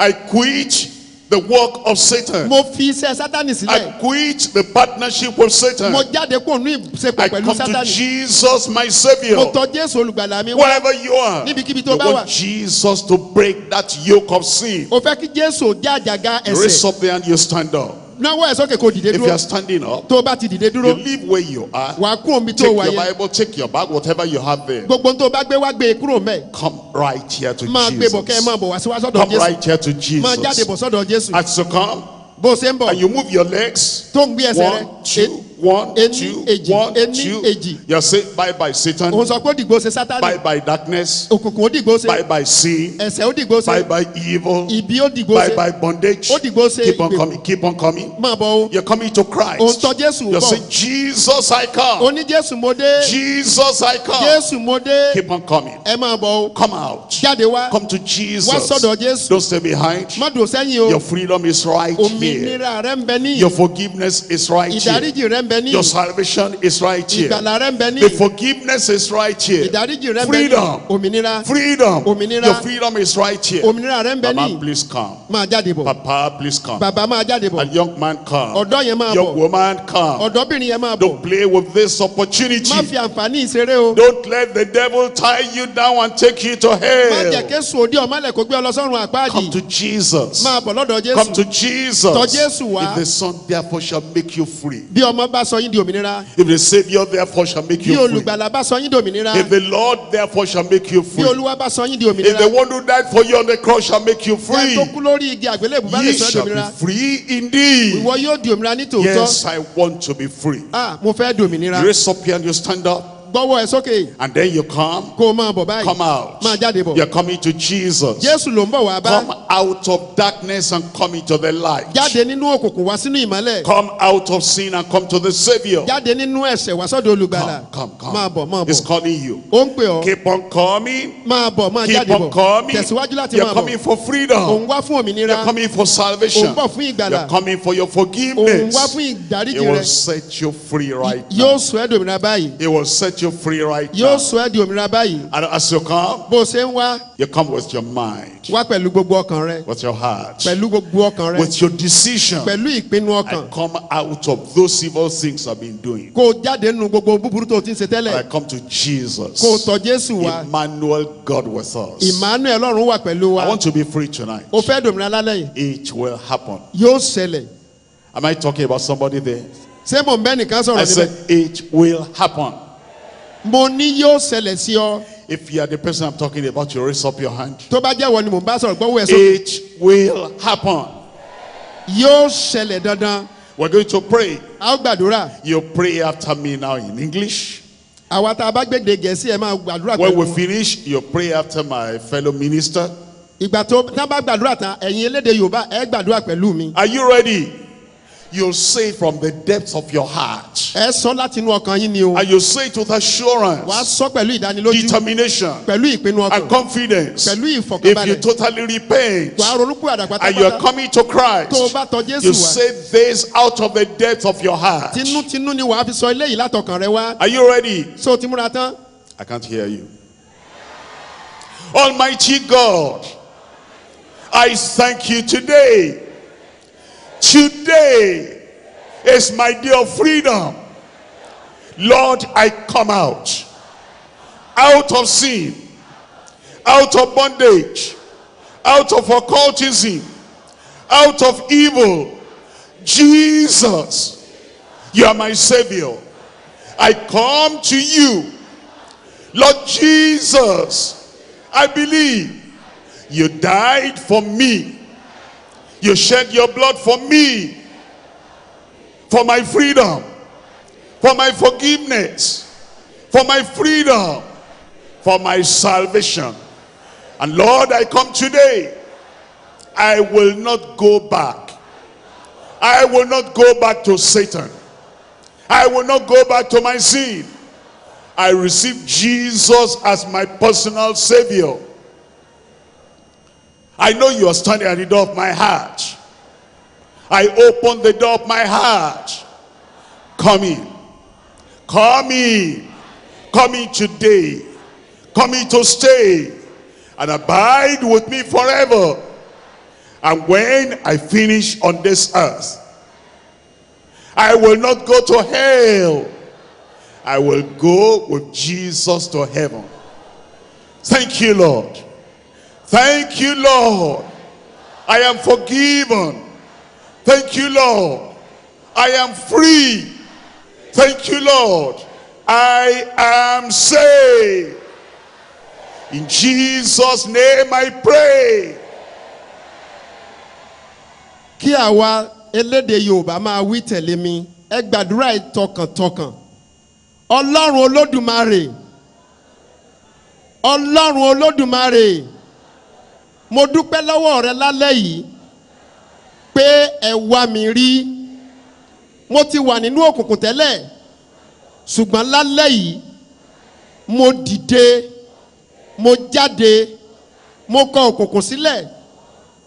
i quit the work of Satan. I quit the partnership with Satan. I come to Jesus my saviour. Whatever Wherever you are. You want Jesus to break that yoke of sin. Raise up and you stand up náwó ẹ̀ sókè kò dìde if you are standing up. tó o you leave where you are. take your bible check your bag whatever you have there. gbogbo tó o bá gbé wá come right here to Jesus. máa gbé bọ̀ kẹ́ ẹ máa bọ̀ come right here to Jesus. máa jáde bọ̀ sọ́dọ̀ Jésù. as you come. bó o bọ̀. and you move your legs. tó ń gbé one two. One, two, say bye bye satan. òun sọ pé ó dìgbò ṣe bye bye darkness. òkùnkùn ó bye bye sin. ẹ̀ṣẹ̀ ó bye bye evil. ìbí ó bye bye bondage. keep on coming keep on coming. you are coming to Christ. òun tọ Jésù you say Jesus I come. Jesus I come. keep on coming. come out. come to Jesus. Jésù. don't stay behind. your freedom is right here. your forgiveness is right here. Your salvation is right here. The forgiveness is right here. Freedom. Freedom. Your freedom is right here. Mama, please come. Papa, please come. A young man come. Young woman come. Don't play with this opportunity. Don't let the devil tie you down and take you to hell. Come to Jesus. Come to Jesus. If the Son therefore shall make you free if the saviour therefore shall make you free. if the lord therefore shall make you free. if the one who died for you on the cross shall make you free. yàtò ye shall be free indeed. yes i want to be free. ah mo fẹ́ di òmìnira. raise up here and you stand up gbọ́wọ́ ẹ sókè. and then you come. kó o máa bọ̀ báyìí. come out. máa jáde bọ̀. you are coming to Jesus. Jésù ló ń bọ̀ wá bá. come out of darkness and come into the light. jáde nínú òkùnkùn wá sínú ìmọ́lẹ̀. come out of sin and come to the saviour. jáde nínú ẹ̀ṣẹ̀ wá sọ́dọ̀ olùgbàlà. come come come. máa bọ̀ máa bọ̀. he calling you. ó ń pè ọ́. keep on coming. máa bọ̀ máa jáde bọ̀. keep on coming. tẹ̀síwájú láti máa bọ̀. you are coming for freedom. òun wá fún òmìnira. you are coming for salvation. òun bọ̀ fún ìgbàlà. you are coming for your forgiveness. òun wá fún ìdáríjì rẹ. he will set you free right now. yóò sọ ẹ́ dòmìnira báyìí. he will set set you free right now. Yóò sọ ẹ́ di òmìnira báyìí. And as you come. but o ṣe You come with your mind. Wá pẹ̀lú gbogbo ọkàn rẹ. With your heart. Pẹ̀lú gbogbo ọkàn rẹ. With your decision. Pẹ̀lú ìpinnu ọkàn. I come out of those evil things I've been doing. Kò jáde nínú gbogbo tó o ti ń ṣe tẹ́lẹ̀. I come to Jesus. Kò tọ̀ Jésù wá. Emmanuel God with us. Emmanuel Ọlọ́run wà pẹ̀lú wa. I want to be free tonight. O It will happen. You Yóò ṣẹlẹ̀. Am I talking about somebody there? Same on ń bẹ́ I said it will happen. mo ní yóò ṣẹlẹ̀ sí ọ. If you are the person I'm talking about, you raise up your hand. Tó bá jẹ́ wọ ni bá sọ̀rọ̀ gbọ́wọ́ ẹ̀ It will happen. Yóò ṣẹlẹ̀ dandan. We're going to pray. A ó gbàdúrà. You pray after me now in English. Àwa tá a bá gbèdè Gẹ̀ẹ́sì ẹ̀ máa gbàdúrà When we finish, you pray after my fellow minister. Ìgbà tó tá a bá gbàdúrà tán, ẹ̀yin elédè Yorùbá ẹ̀ gbàdúrà pẹ̀lú mi. Are you ready? You'll say from the depths of your heart. And you will say it with assurance. Determination. And confidence. If you totally repent. And you are coming to Christ. You say this out of the depths of your heart. Are you ready? So o I can't hear you. Almighty God, I thank you today Today is my day of freedom. Lord, I come out. Out of sin. Out of bondage. Out of occultism. Out of evil. Jesus, you are my Savior. I come to you. Lord Jesus, I believe you died for me you shed your blood for me, for my freedom, for my forgiveness, for my freedom, for my salvation. And Lord, I come today. I will not go back. I will not go back to Satan. I will not go back to my sin. I receive Jesus as my personal Savior. I know you are standing at the door of my heart. I open the door of my heart. Come in. Come in. Come in today. Come in to stay. And abide with me forever. And when I finish on this earth, I will not go to hell. I will go with Jesus to heaven. Thank you, Lord Thank you, Lord. I am forgiven. Thank you, Lord. I am free. Thank you, Lord. I am saved. In Jesus' name I pray. Kí àwa elédè Yorùbá máa wí tẹ̀lé mi, ẹ gbàdúrà ìtọkàntọkàn. Ọlọ́run Olódùmarè. Ọlọ́run Olódùmarè. mo dúpẹ́ lọ́wọ́ rẹ lálẹ́ yìí pé ẹ wá mi rí mo ti wà nínú òkùnkùn tẹ́lẹ̀ ṣùgbọ́n lálẹ́ yìí mo dìde mo jáde mo kọ òkùnkùn sílẹ̀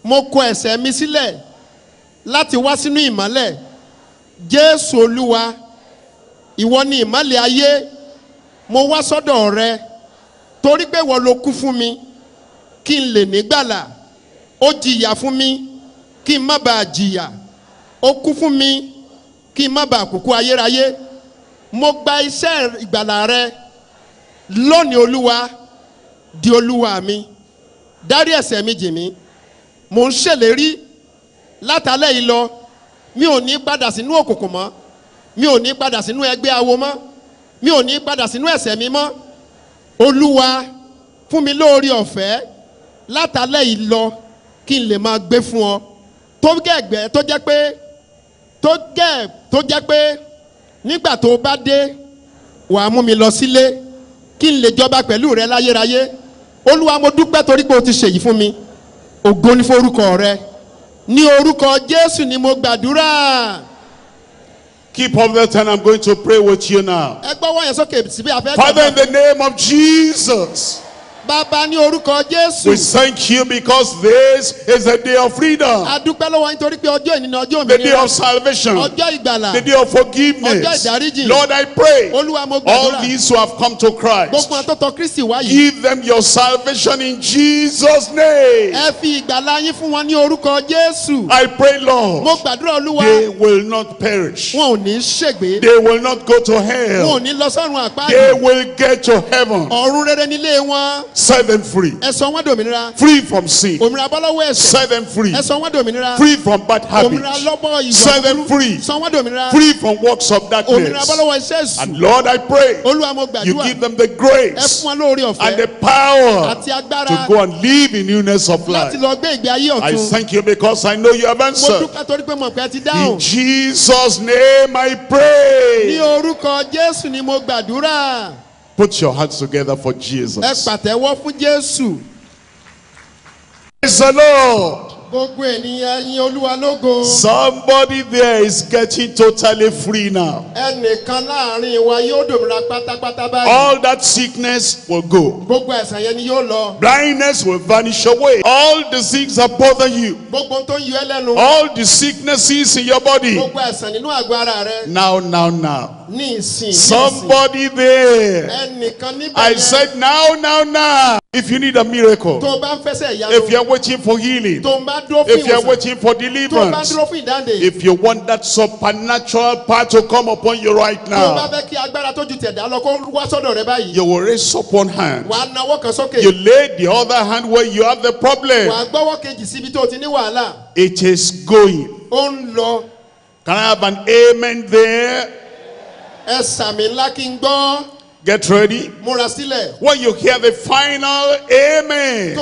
mo kọ ẹ̀ṣẹ̀ mi sílẹ̀ láti wá sínú ìmọ́lẹ̀ Jésù Olúwa ìwọ ni ìmọ́lẹ̀ ayé mo wá sọ́dọ̀ rẹ torí pé ìwọ ló kú fún mi kí n lè nígbàlà ó jìyà fún mi kí n má bàa jìyà ó kú fún mi kí n má bàa kúkú ayérayé mo gba iṣẹ́ ìgbàlà rẹ lónìí olúwa di olúwa mi dárí ẹ̀ṣẹ̀ mi jì mí mò ń ṣèlérí látàlẹ́ yìí lọ mi ò ní padà sínú òkùnkùn mọ́ mi ò ní padà sínú ẹgbẹ́ awo mọ́ mi ò ní padà sínú ẹ̀ṣẹ̀ mi mọ́ olúwa fún mi lóore ọ̀fẹ́ látàlẹ́ yìí lọ kí n lè máa gbé fún ọ tó gẹ̀gbẹ́ tó jẹ́ pé tó gẹ̀ tó jẹ́ pé nígbà tó bá dé wàá mú mi lọ sílé kí n lè jọba pẹ̀lú rẹ láyérayé olúwa mo dúpẹ́ torí pé o ti ṣèyí fún mi ògo ni forúkọ rẹ ní orúkọ jésù ni mo gbàdúrà. Keep up that and I'm going to pray with you now. Father, in the name of Jesus. Bàbá ní orúkọ Jésù. We thank you because this is the day of freedom. A dúpẹ́ lọ́wọ́ nítorí pé ọjọ́ ni ọjọ́ The day of salvation. Ọjọ́ ìgbàlà. The day of forgiveness. Ọjọ́ ìdáríjì. Lord I pray. Olúwa mo gbàdúrà. All these who have come to Christ. Gbogbo Give them your salvation in Jesus name. Ẹ fi ìgbàlà yín fún wọn ní orúkọ Jésù. I pray Lord. Mo gbàdúrà Olúwa. They will not perish. Wọn ní ṣègbé. They will not go to hell. Wọn ní lọ sọ́run They will get to heaven. Ọ̀run rere wọn. Set them free. Free from sin. Set them free. Free from bad habits. Set them free. Free from works of darkness. And Lord, I pray you give them the grace and the power to go and live in newness of life. I thank you because I know you have answered. In Jesus' name I pray. Put your hands together for Jesus. Praise the Lord. Somebody there is getting totally free now. All that sickness will go. Blindness will vanish away. All the things that bother you. All the sicknesses in your body. Now now now. Somebody there. I said now now now. If you need a miracle, if you're waiting for healing, if you're waiting for deliverance, if you want that supernatural power to come upon you right now, you will raise up one hand. You lay the other hand where you have the problem. It is going. Can I have an amen there? Get ready. When you hear the final amen.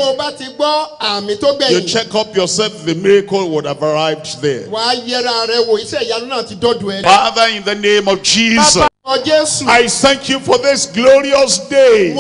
You check up yourself the miracle would have arrived there. Father in the name of Jesus. I thank you for this glorious day.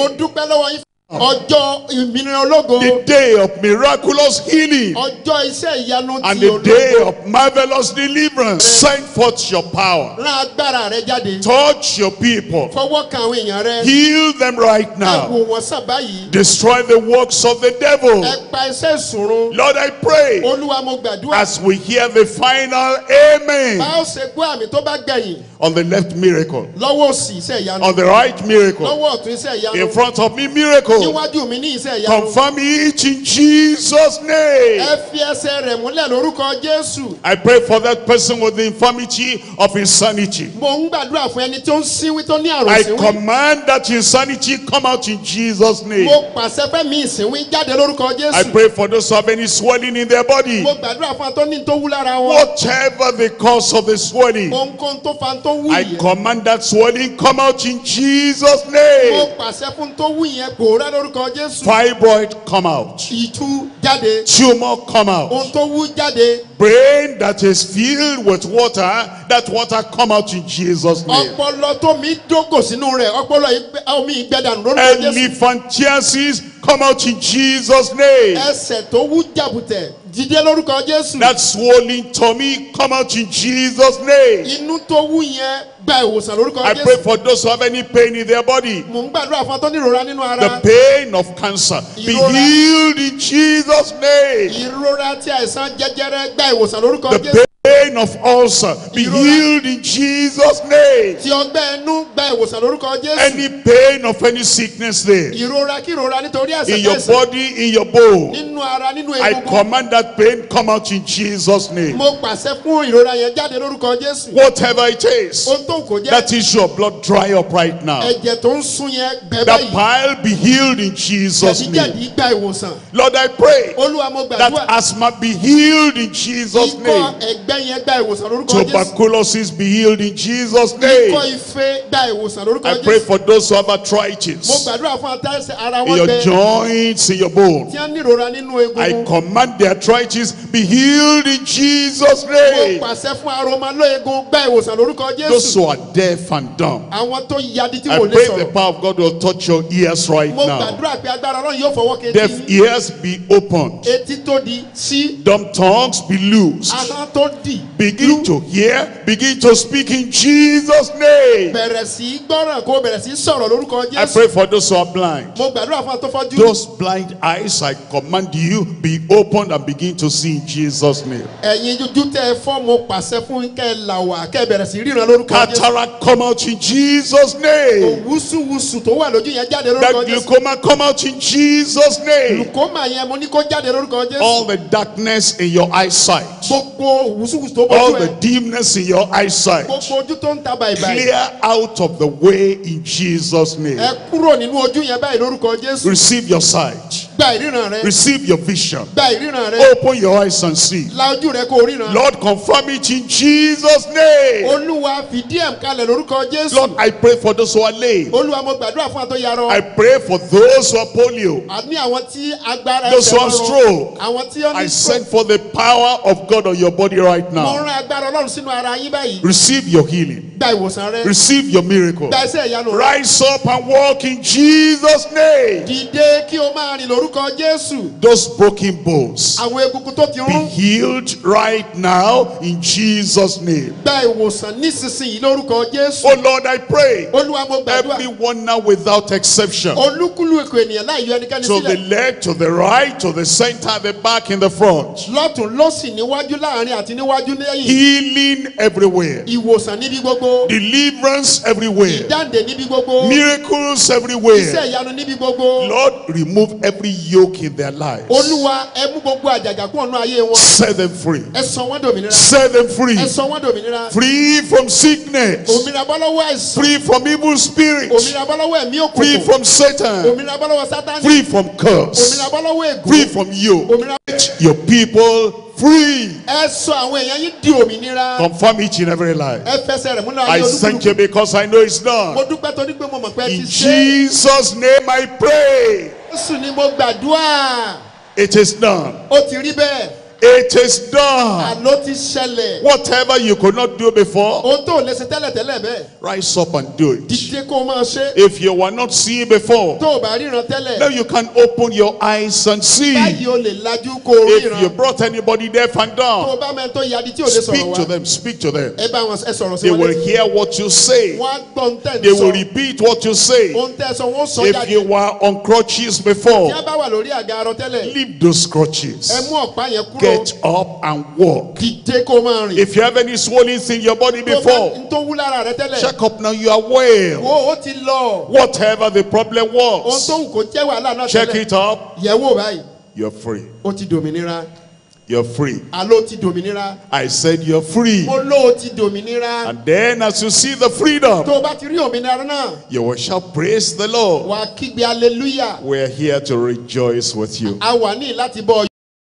Oh. ọjọ́ ìmìnira the day of miraculous healing. ọjọ́ iṣẹ́ ìyanu ti and the day of marvellous deliverance. send forth your power. rán agbára rẹ jáde. touch your people. fọwọ́ kan àwọn èèyàn rẹ. heal them right now. wọn destroy the works of the devil. ẹ pa iṣẹ́ ìṣòro. lord i pray. olúwa mo gbàdúrà. as we hear the final amen. ṣe gbọ́ àmì tó bá gbẹ̀yìn. on the left miracle. lọ́wọ́ òsì iṣẹ́ ìyanu. on the right miracle. lọ́wọ́ ọ̀tún iṣẹ́ ìyanu. in front of me miracle. Confirm it in Jesus' name. I pray for that person with the infirmity of insanity. I command that insanity come out in Jesus' name. I pray for those who have any swelling in their body. Whatever the cause of the swelling, I command that swelling come out in Jesus' name. Fibroid come out. Tumor come out. Brain that is filled with water, that water come out in Jesus' name. Ah, Elephantiasis come out in Jesus' name. That swollen tummy come out in Jesus' name. I pray for those who have any pain in their body. The pain of cancer. Be healed in Jesus' name pain of ulcer be healed in Jesus' name. Any pain of any sickness there. In your body, in your bone. I command that pain come out in Jesus' name. Whatever it is. That is your blood dry up right now. That pile be healed in Jesus' name. Lord I pray. That asthma be healed in Jesus' name. Tuberculosis be healed in Jesus name. I pray for those who have arthritis. In your joints, in your bones. I command the arthritis be healed in Jesus name. Those who are deaf and dumb. tó I pray the power of God will touch your ears right now. Deaf ears be opened. Dumb tongues be loosed. Begin to hear, begin to speak in Jesus' name. I pray for those who are blind. Those blind eyes I command you be opened and begin to see in Jesus' name. Cataract come out in Jesus' name. glaucoma come out in Jesus' name. All the darkness in your eyesight all the dimness in your eyesight, clear out of the way in Jesus' name. Receive your sight. Receive your vision. Open your eyes and see. Lord, confirm it in Jesus' name. Lord, I pray for those who are lame. I pray for those who are polio. Those who are stroke. I send for the power of God on your body right right now. Receive your healing. Receive your miracle. Rise up and walk in Jesus name. Those broken bones. Be healed right now in Jesus name. Oh Lord I pray. Everyone now without exception. Olúkúlùkù To the left, to the right, to the center, the back, in the front. Healing everywhere. Deliverance everywhere. Miracles everywhere. Lord, remove every yoke in their lives. Set them free. Set them free. Free from sickness. Free from evil spirits. Free from Satan. Free from curse. Free from you. Let your people free. sọ Confirm each and every life. I thank you because I know it's done. In Jesus name I pray. It is done. It is done. Whatever you could not do before, rise up and do it. If you were not seeing before, now you can open your eyes and see. If you brought anybody deaf and dumb, speak to them, speak to them. They will hear what you say, they will repeat what you say. If you were on crutches before, leave those crutches get up and walk. If you have any swollen in your body before, check up now, you are well. Whatever the problem was, check it up. You're free. You're free. I said you're free. And then as you see the freedom, you will shall praise the Lord. We are here to rejoice with you.